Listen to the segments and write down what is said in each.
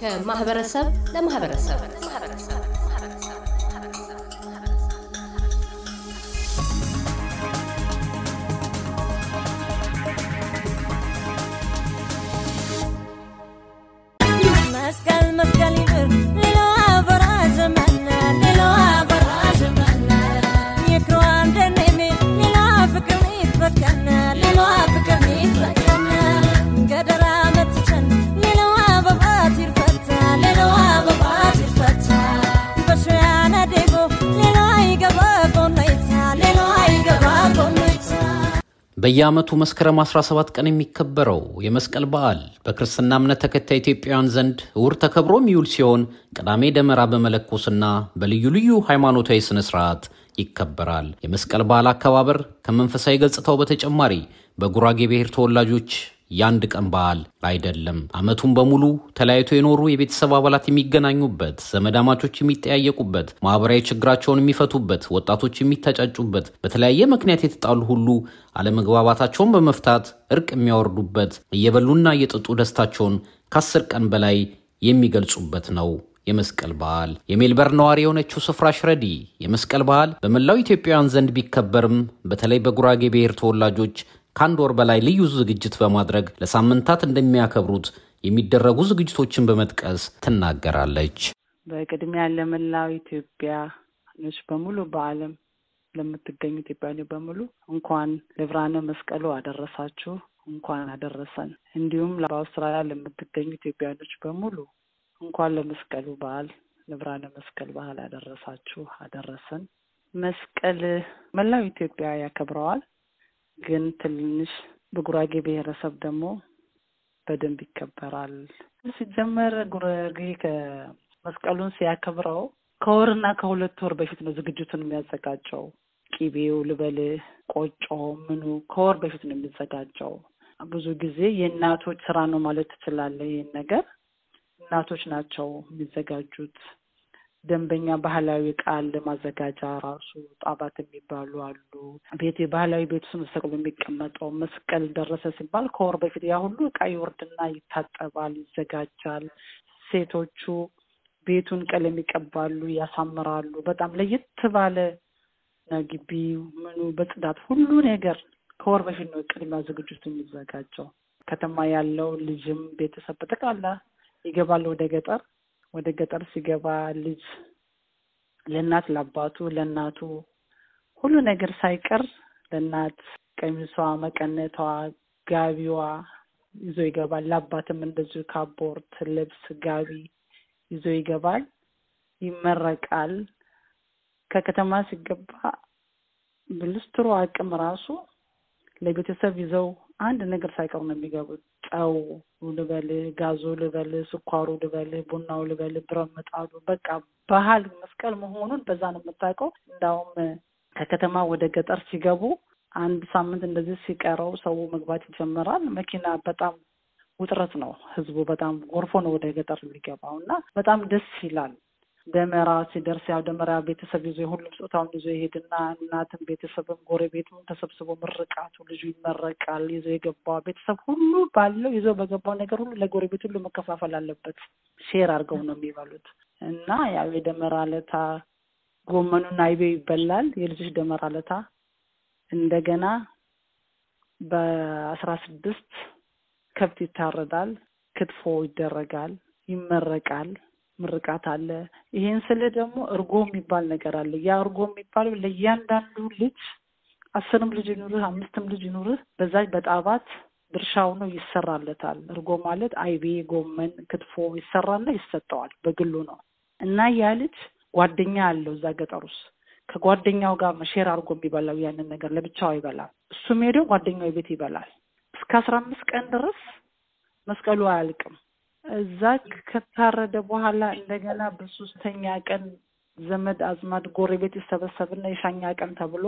ከማህበረሰብ ለማህበረሰብ መስቀል መስቀል ይብር በየዓመቱ መስከረም 17 ቀን የሚከበረው የመስቀል በዓል በክርስትና እምነት ተከታይ ኢትዮጵያውያን ዘንድ እውር ተከብሮ የሚውል ሲሆን ቅዳሜ ደመራ በመለኮስና በልዩ ልዩ ሃይማኖታዊ ስነስርዓት ይከበራል። የመስቀል በዓል አከባበር ከመንፈሳዊ ገጽታው በተጨማሪ በጉራጌ ብሔር ተወላጆች የአንድ ቀን በዓል አይደለም። ዓመቱን በሙሉ ተለያይቶ የኖሩ የቤተሰብ አባላት የሚገናኙበት፣ ዘመዳማቾች የሚጠያየቁበት፣ ማህበራዊ ችግራቸውን የሚፈቱበት፣ ወጣቶች የሚተጫጩበት፣ በተለያየ ምክንያት የተጣሉ ሁሉ አለመግባባታቸውን በመፍታት እርቅ የሚያወርዱበት፣ እየበሉና እየጠጡ ደስታቸውን ከአስር ቀን በላይ የሚገልጹበት ነው። የመስቀል በዓል የሜልበርን ነዋሪ የሆነችው ስፍራ ሽረዲ የመስቀል በዓል በመላው ኢትዮጵያውያን ዘንድ ቢከበርም በተለይ በጉራጌ ብሔር ተወላጆች ከአንድ ወር በላይ ልዩ ዝግጅት በማድረግ ለሳምንታት እንደሚያከብሩት የሚደረጉ ዝግጅቶችን በመጥቀስ ትናገራለች። በቅድሚያ ለመላው ኢትዮጵያኖች በሙሉ በዓለም ለምትገኙ ኢትዮጵያውያን በሙሉ እንኳን ለብርሃነ መስቀሉ አደረሳችሁ፣ እንኳን አደረሰን። እንዲሁም በአውስትራሊያ ለምትገኙ ኢትዮጵያውያኖች በሙሉ እንኳን ለመስቀሉ በዓል ለብርሃነ መስቀል በዓል አደረሳችሁ፣ አደረሰን። መስቀል መላው ኢትዮጵያ ያከብረዋል። ግን ትንሽ በጉራጌ ብሔረሰብ ደግሞ በደንብ ይከበራል። ሲጀመር ጉራጌ ከመስቀሉን ሲያከብረው ከወርና ከሁለት ወር በፊት ነው ዝግጅቱን የሚያዘጋጀው። ቂቤው ልበልህ፣ ቆጮ ምኑ ከወር በፊት ነው የሚዘጋጀው። ብዙ ጊዜ የእናቶች ስራ ነው ማለት ትችላለህ። ይህን ነገር እናቶች ናቸው የሚዘጋጁት። ደንበኛ ባህላዊ ቃል ማዘጋጃ ራሱ ጣባት የሚባሉ አሉ። ቤት የባህላዊ ቤቱ መስቀሉ የሚቀመጠው መስቀል ደረሰ ሲባል ከወር በፊት ያ ሁሉ እቃ ይወርድና ይታጠባል፣ ይዘጋጃል። ሴቶቹ ቤቱን ቀለም ይቀባሉ፣ ያሳምራሉ። በጣም ለየት ባለ ግቢው ምኑ በጽዳት ሁሉ ነገር ከወር በፊት ነው ቅድሚያ ዝግጅቱ የሚዘጋጀው። ከተማ ያለው ልጅም ቤተሰብ በጠቅላላ ይገባል ወደ ገጠር ወደ ገጠር ሲገባ ልጅ ለእናት ለአባቱ ለእናቱ ሁሉ ነገር ሳይቀር ለእናት ቀሚሷ፣ መቀነቷ፣ ጋቢዋ ይዞ ይገባል። ለአባትም እንደዚሁ ካቦርት፣ ልብስ፣ ጋቢ ይዞ ይገባል። ይመረቃል። ከከተማ ሲገባ ብልስትሮ አቅም ራሱ ለቤተሰብ ይዘው አንድ ነገር ሳይቀር ነው የሚገቡት። ጨው ልበል፣ ጋዙ ልበል፣ ስኳሩ ልበል፣ ቡናው ልበል፣ ብረት ምጣዱ በቃ ባህል መስቀል መሆኑን በዛ ነው የምታውቀው። እንዳውም ከከተማ ወደ ገጠር ሲገቡ አንድ ሳምንት እንደዚህ ሲቀረው ሰው መግባት ይጀምራል። መኪና በጣም ውጥረት ነው። ህዝቡ በጣም ጎርፎ ነው ወደ ገጠር የሚገባው እና በጣም ደስ ይላል። ደመራ ሲደርስ ያው ደመራ ቤተሰብ ይዞ የሁሉም ጾታውን ይዞ ይሄድና እናትም ቤተሰብም ጎረቤቱም ተሰብስቦ ምርቃቱ ልጁ ይመረቃል። ይዞ የገባው ቤተሰብ ሁሉ ባለው ይዞ በገባው ነገር ሁሉ ቤት ሁሉ መከፋፈል አለበት። ሼር አድርገው ነው የሚበሉት እና ያው የደመራ ለታ ጎመኑና አይቤ ይበላል። የልጆች ደመራ ለታ እንደገና በአስራ ስድስት ከብት ይታረዳል። ክትፎ ይደረጋል። ይመረቃል። ምርቃት አለ። ይሄን ስል ደግሞ እርጎ የሚባል ነገር አለ። ያ እርጎ የሚባለው ለእያንዳንዱ ልጅ አስርም ልጅ ይኑርህ አምስትም ልጅ ይኑርህ በዛ በጣባት ድርሻው ነው ይሰራለታል። እርጎ ማለት አይቤ፣ ጎመን፣ ክትፎ ይሰራና ይሰጠዋል። በግሉ ነው እና ያ ልጅ ጓደኛ አለው እዛ ገጠር ውስጥ ከጓደኛው ጋር መሼር አድርጎ የሚበላው ያንን ነገር ለብቻው አይበላም። እሱም ሄደው ጓደኛው ቤት ይበላል። እስከ አስራ አምስት ቀን ድረስ መስቀሉ አያልቅም። እዛ ከታረደ በኋላ እንደገና በሶስተኛ ቀን ዘመድ አዝማድ ጎረቤት ይሰበሰብና የሻኛ ቀን ተብሎ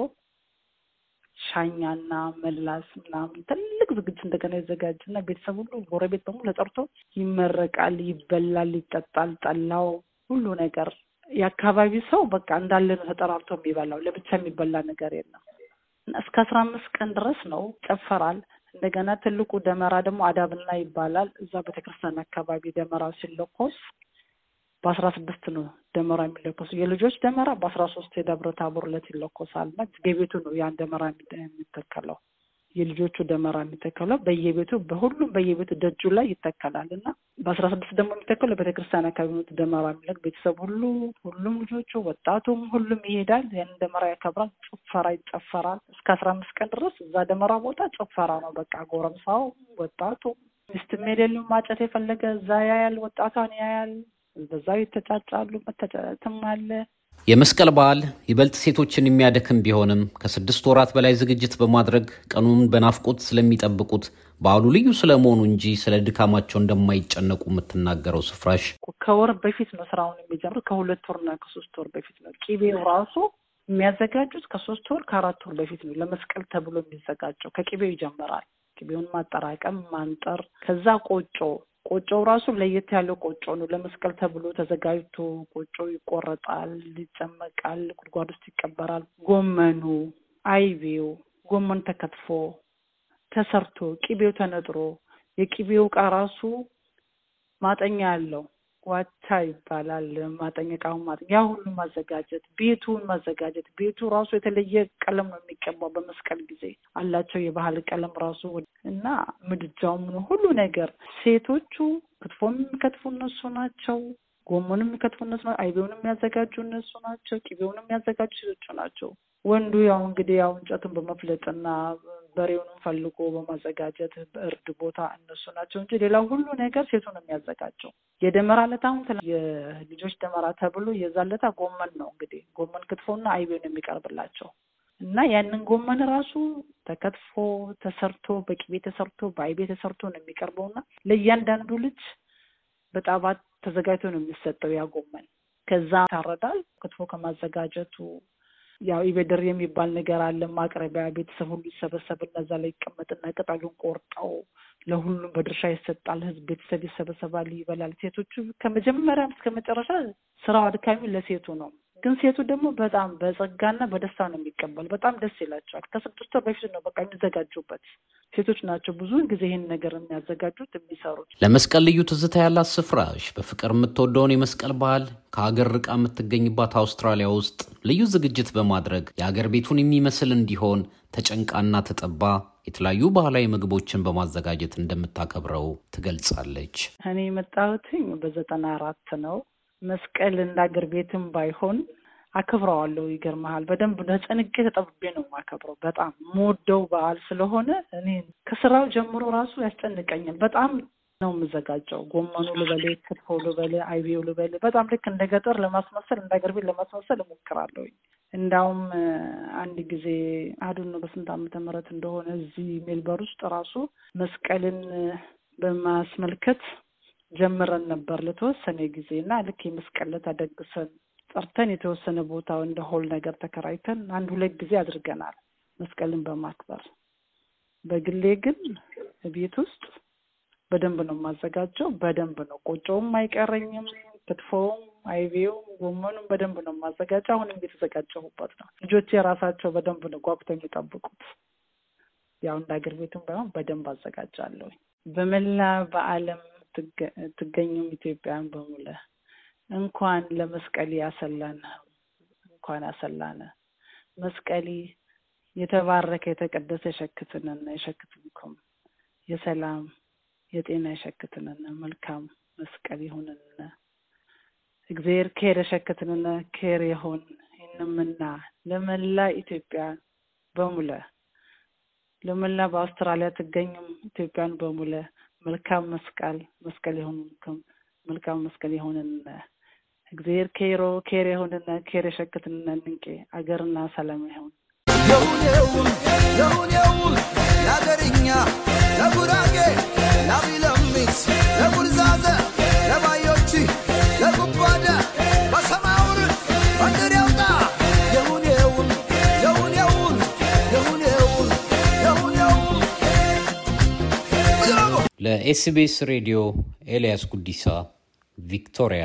ሻኛና መላስ ምናምን ትልቅ ዝግጅት እንደገና ይዘጋጅና ቤተሰብ ሁሉ ጎረቤት በሙሉ ተጠርቶ ይመረቃል፣ ይበላል፣ ይጠጣል፣ ጠላው ሁሉ ነገር የአካባቢ ሰው በቃ እንዳለ ነው ተጠራርቶ የሚበላው። ለብቻ የሚበላ ነገር የለም። እስከ አስራ አምስት ቀን ድረስ ነው ይጨፈራል። እንደገና ትልቁ ደመራ ደግሞ አዳብና ይባላል። እዛ ቤተክርስቲያን አካባቢ ደመራ ሲለኮስ በአስራ ስድስት ነው ደመራ የሚለኮሱ። የልጆች ደመራ በአስራ ሶስት የደብረ ታቦር ዕለት ይለኮሳል እና በቤቱ ነው ያን ደመራ የሚተከለው። የልጆቹ ደመራ የሚተከለው በየቤቱ በሁሉም በየቤቱ ደጁ ላይ ይተከላል እና በአስራ ስድስት ደግሞ የሚተከለው ቤተክርስቲያን አካባቢ ደመራ የሚለቅ ቤተሰብ ሁሉ ሁሉም ልጆቹ ወጣቱም ሁሉም ይሄዳል። ያንን ደመራ ያከብራል። ጭፈራ ይጨፈራል። እስከ አስራ አምስት ቀን ድረስ እዛ ደመራ ቦታ ጭፈራ ነው። በቃ ጎረምሳው ወጣቱ ሚስትም የሌለው ማጨት የፈለገ እዛ ያያል፣ ወጣቷን ያያል። በዛው ይተጫጫሉ። መተጫጨትም አለ የመስቀል በዓል ይበልጥ ሴቶችን የሚያደክም ቢሆንም ከስድስት ወራት በላይ ዝግጅት በማድረግ ቀኑን በናፍቆት ስለሚጠብቁት በዓሉ ልዩ ስለመሆኑ እንጂ ስለ ድካማቸው እንደማይጨነቁ የምትናገረው ስፍራሽ ከወር በፊት ነው ስራውን የሚጀምሩት። ከሁለት ወርና ከሶስት ወር በፊት ነው። ቂቤው ራሱ የሚያዘጋጁት ከሶስት ወር ከአራት ወር በፊት ነው። ለመስቀል ተብሎ የሚዘጋጀው ከቂቤው ይጀምራል። ቂቤውን ማጠራቀም፣ ማንጠር፣ ከዛ ቆጮ ቆጮው ራሱ ለየት ያለው ቆጮ ነው። ለመስቀል ተብሎ ተዘጋጅቶ ቆጮ ይቆረጣል፣ ይጨመቃል፣ ጉድጓድ ውስጥ ይቀበራል። ጎመኑ፣ አይቤው፣ ጎመን ተከትፎ ተሰርቶ፣ ቂቤው ተነጥሮ፣ የቂቤው እቃ ራሱ ማጠኛ ያለው ዋቻ ይባላል። ማጠኘቃውን ማ ያ ሁሉ ማዘጋጀት፣ ቤቱን ማዘጋጀት። ቤቱ ራሱ የተለየ ቀለም ነው የሚቀባው በመስቀል ጊዜ አላቸው የባህል ቀለም ራሱ እና ምድጃው ምኑ ሁሉ ነገር ሴቶቹ ክትፎም የሚከትፉ እነሱ ናቸው። ጎመንም የሚከትፉ እነሱ ናቸው። አይቤውን የሚያዘጋጁ እነሱ ናቸው። ቂቤውን የሚያዘጋጁ ሴቶቹ ናቸው። ወንዱ ያው እንግዲህ ያው እንጨቱን በመፍለጥና በሬውንም ፈልጎ በማዘጋጀት በእርድ ቦታ እነሱ ናቸው እንጂ ሌላው ሁሉ ነገር ሴቱ ነው የሚያዘጋጀው። የደመራ ለት አሁን የልጆች ደመራ ተብሎ የዛ ለታ ጎመን ነው እንግዲህ ጎመን ክትፎና አይቤ ነው የሚቀርብላቸው እና ያንን ጎመን ራሱ ተከትፎ ተሰርቶ በቅቤ ተሰርቶ በአይቤ ተሰርቶ ነው የሚቀርበውና ለእያንዳንዱ ልጅ በጣባት ተዘጋጅቶ ነው የሚሰጠው ያ ጎመን። ከዛ ታረዳል ክትፎ ከማዘጋጀቱ ያው ኢቬደር የሚባል ነገር አለ። ማቅረቢያ ቤተሰብ ሁሉ ይሰበሰብ እነዛ ላይ ይቀመጥና ቅጠሉን ቆርጠው ለሁሉም በድርሻ ይሰጣል። ህዝብ ቤተሰብ ይሰበሰባል፣ ይበላል። ሴቶቹ ከመጀመሪያም እስከ መጨረሻ ስራው አድካሚ ለሴቱ ነው። ግን ሴቱ ደግሞ በጣም በጸጋና በደስታ ነው የሚቀበሉ። በጣም ደስ ይላቸዋል። ከስድስት ወር በፊት ነው በቃ የሚዘጋጁበት። ሴቶች ናቸው ብዙ ጊዜ ይህን ነገር የሚያዘጋጁት የሚሰሩት። ለመስቀል ልዩ ትዝታ ያላት ስፍራሽ በፍቅር የምትወደውን የመስቀል ባህል ከሀገር ርቃ የምትገኝባት አውስትራሊያ ውስጥ ልዩ ዝግጅት በማድረግ የሀገር ቤቱን የሚመስል እንዲሆን ተጨንቃና ተጠባ የተለያዩ ባህላዊ ምግቦችን በማዘጋጀት እንደምታከብረው ትገልጻለች። እኔ የመጣሁትኝ በዘጠና አራት ነው መስቀል እንደ አገር ቤትም ባይሆን አክብረዋለሁ። ይገርመሃል፣ በደንብ ተጨንቄ ተጠብቤ ነው የማከብረው። በጣም የምወደው በዓል ስለሆነ እኔ ከስራው ጀምሮ ራሱ ያስጨንቀኛል። በጣም ነው የምዘጋጀው። ጎመኑ ልበሌ፣ ክትፎ ልበሌ፣ አይቤው ልበሌ፣ በጣም ልክ እንደ ገጠር ለማስመሰል እንደ ቤት ለማስመሰል እሞክራለሁ። እንዳውም አንድ ጊዜ አዱን ነው በስንት ዓመተ ምህረት እንደሆነ እዚህ ሜልበር ውስጥ ራሱ መስቀልን በማስመልከት ጀምረን ነበር ለተወሰነ ጊዜ እና ልክ የመስቀል ዕለት ደግሰን ጠርተን የተወሰነ ቦታው እንደ ሆል ነገር ተከራይተን አንድ ሁለት ጊዜ አድርገናል መስቀልን በማክበር። በግሌ ግን ቤት ውስጥ በደንብ ነው የማዘጋጀው። በደንብ ነው ቆጮውም አይቀረኝም፣ ክትፎውም፣ አይቤውም፣ ጎመኑም በደንብ ነው የማዘጋጀው። አሁንም እየተዘጋጀሁበት ነው። ልጆች የራሳቸው በደንብ ነው ጓጉተ የሚጠብቁት። ያው እንደ አገር ቤቱም ባይሆን በደንብ አዘጋጃለሁ። በመላ በአለም ትገኙም ኢትዮጵያን በሙሉ እንኳን ለመስቀል አሰላነ እንኳን አሰላነ መስቀሊ የተባረከ የተቀደሰ የሸክትነና የሸክትንኩም የሰላም የጤና የሸክትነና መልካም መስቀል ይሁንና እግዚአብሔር ኬር የሸክትንነ ኬር ይሁን ይንምና ለመላ ኢትዮጵያ በሙለ ለመላ በአውስትራሊያ ትገኙም ኢትዮጵያን በሙለ መልካም መስቀል መስቀል ይሁንኩም መልካም መስቀል ይሁንነ እግዚአብሔር ኬሮ ኬር የሆንና ኬር የሸክትና ንቄ አገርና ሰላም ይሁን። የውን የውን የውን የውን ለአገርኛ ለጉራጌ ለቢለሚት ለጉርዛዘ ለባዮቺ ለጉባደ በሰማውን መንደር ያውጣ የውን የውን የውን የውን ለኤስቢኤስ ሬዲዮ ኤልያስ ጉዲሳ ቪክቶሪያ